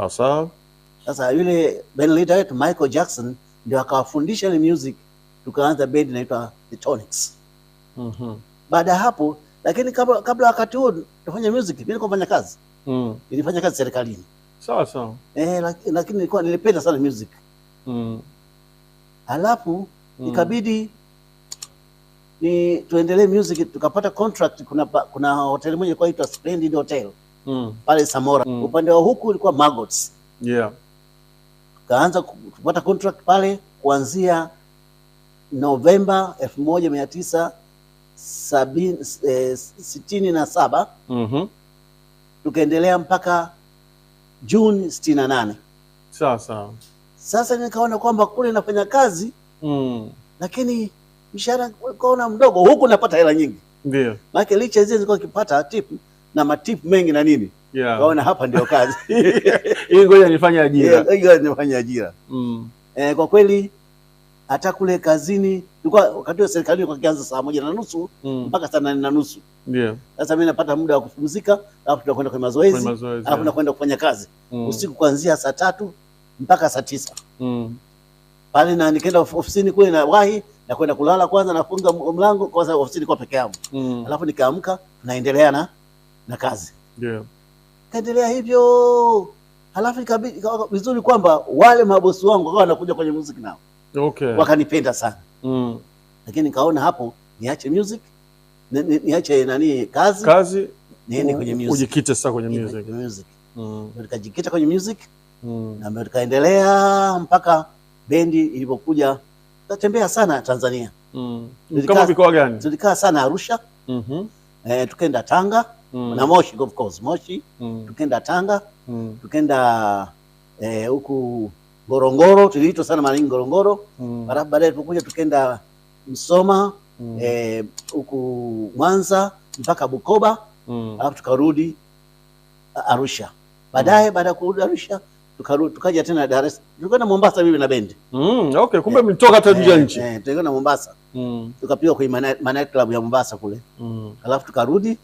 sawa sawa. Sasa yule band leader wetu Michael Jackson ndio akawafundisha ile music, tukaanza bendi inaitwa The Tonics. Mhm. Baada ya hapo lakini kabla, kabla wakati huo tufanye music, mimi nilikuwa nafanya kazi Mhm. Nilifanya kazi serikalini sawa sawa. Eh, lakini nilikuwa nilipenda sana music Mhm. Alafu mm. ikabidi ni tuendelee music, tukapata contract. Kuna kuna hoteli moja kwa inaitwa Splendid Hotel Mm. pale Samora mm. upande wa huku ilikuwa Magots yeah. Kaanza kupata contract pale kuanzia Novemba elfu moja mia tisa sabini, eh, sitini na saba mm -hmm. tukaendelea mpaka Juni sitini na nane sasa sasa nikaona kwamba kule nafanya kazi mm. lakini mshahara ukaona mdogo, huku napata hela nyingi, ndio maana licha zile zilikuwa kipata tip na matipu mengi na nini yeah. Kaona hapa ndio kazi hii, ngoja nifanye ajira, ngoja nifanye ajira mm. Eh, kwa kweli hata kule kazini nilikuwa wakati wa serikali kwa kianza saa moja na nusu mm. mpaka saa nane na nusu yeah. Sasa mimi napata muda wa kupumzika, alafu tunakwenda kwenye mazoezi, alafu tunakwenda yeah. kufanya kazi mm. usiku kuanzia saa tatu mpaka saa tisa mm. pale, na nikaenda ofisini kule na wahi na kwenda kulala kwanza, nafunga mlango kwa sababu ofisini kwa peke yangu mm. alafu nikaamka, naendelea na na kazi yeah. Kaendelea hivyo, halafu ikabidi vizuri kwamba wale mabosi wangu wakawa wanakuja kwenye muziki nao okay. Wakanipenda sana mm. Lakini nikaona hapo niache music ni, niache nani kazi, kazi niende kwenye music, ujikite sasa kwenye music music mm. Nikajikita kwenye music mm. Na nikaendelea mpaka bendi ilipokuja, natembea sana Tanzania mm. kama mikoa gani tulikaa sana Arusha mm -hmm. Eh, tukaenda Tanga mm. na Moshi of course Moshi mm. tukenda Tanga mm. tukenda eh, huku eh, Ngorongoro tuliitwa sana mara nyingi Ngorongoro mm. alafu baadaye tukuja tukenda Msoma huku mm. eh, Mwanza mpaka Bukoba mm. alafu tukarudi Arusha baadaye mm. baada ya kurudi Arusha tukarudi tukaja tena Dar es Salaam, tulikwenda Mombasa mimi na bendi mm, okay, kumbe eh, mlitoka hata nje ya eh, nchi eh, tulikwenda Mombasa mm. tukapiga kwa Manai Club ya Mombasa kule mm. alafu tukarudi